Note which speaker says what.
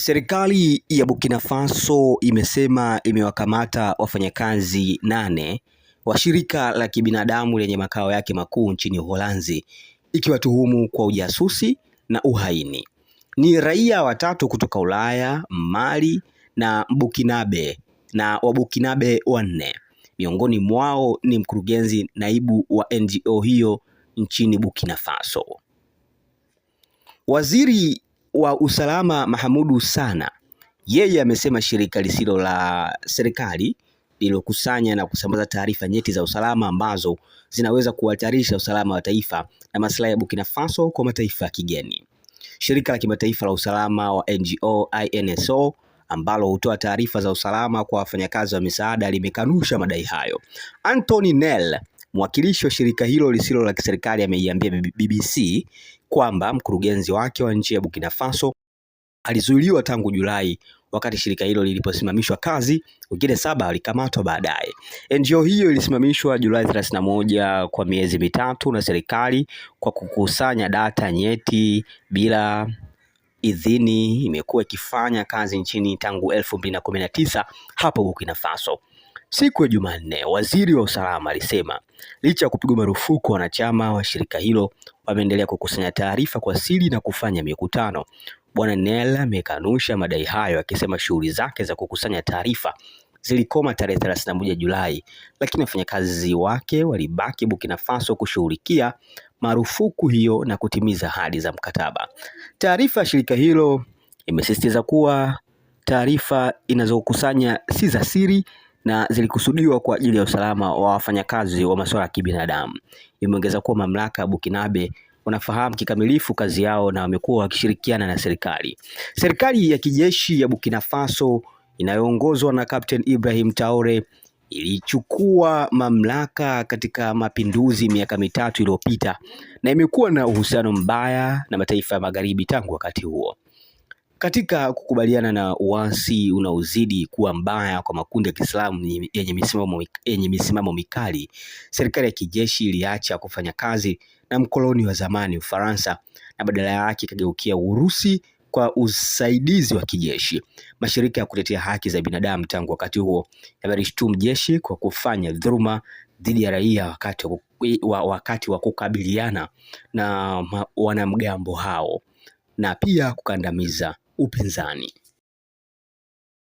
Speaker 1: Serikali ya Burkina Faso imesema imewakamata wafanyakazi nane wa shirika la kibinadamu lenye makao yake makuu nchini Uholanzi ikiwatuhumu kwa ujasusi na uhaini. Ni raia watatu kutoka Ulaya, Mali na Burkinabe na Wabukinabe wanne. Miongoni mwao ni mkurugenzi naibu wa NGO hiyo nchini Burkina Faso. Waziri wa usalama Mahamudu Sana yeye amesema shirika lisilo la serikali lililokusanya na kusambaza taarifa nyeti za usalama ambazo zinaweza kuhatarisha usalama wa taifa na maslahi ya Burkina Faso kwa mataifa ya kigeni. Shirika la kimataifa la usalama wa NGO INSO ambalo hutoa taarifa za usalama kwa wafanyakazi wa misaada limekanusha madai hayo. Anthony Nel, mwakilishi wa shirika hilo lisilo la kiserikali, ameiambia BBC kwamba mkurugenzi wake wa nchi ya Burkina Faso alizuiliwa tangu Julai wakati shirika hilo liliposimamishwa kazi, wengine saba walikamatwa baadaye. Eh, NGO hiyo ilisimamishwa Julai 31 kwa miezi mitatu na serikali kwa kukusanya data nyeti bila idhini. Imekuwa ikifanya kazi nchini tangu 2019 hapo Burkina Faso. Siku ya Jumanne, waziri wa usalama alisema licha ya kupigwa marufuku, wanachama wa shirika hilo wameendelea kukusanya taarifa kwa siri na kufanya mikutano. Bwana Nel amekanusha madai hayo, akisema shughuli zake za kukusanya taarifa zilikoma tarehe 31 Julai, lakini wafanyakazi wake walibaki Burkina Faso kushughulikia marufuku hiyo na kutimiza ahadi za mkataba. Taarifa ya shirika hilo imesisitiza kuwa taarifa inazokusanya si za siri na zilikusudiwa kwa ajili ya usalama wa wafanyakazi wa masuala ya kibinadamu. Imeongeza kuwa mamlaka ya Bukinabe wanafahamu kikamilifu kazi yao na wamekuwa wakishirikiana na serikali. Serikali ya kijeshi ya Burkina Faso inayoongozwa na Captain Ibrahim Traore ilichukua mamlaka katika mapinduzi miaka mitatu iliyopita na imekuwa na uhusiano mbaya na mataifa ya magharibi tangu wakati huo. Katika kukubaliana na uasi unaozidi kuwa mbaya kwa makundi ya Kiislamu yenye misimamo yenye misimamo mikali, serikali ya kijeshi iliacha kufanya kazi na mkoloni wa zamani Ufaransa na badala yake ikageukia Urusi kwa usaidizi wa kijeshi. Mashirika ya kutetea haki za binadamu tangu wakati huo yamelishtumu jeshi kwa kufanya dhuluma dhidi ya raia wakati wa, wakati wa kukabiliana na wanamgambo hao na pia kukandamiza upinzani.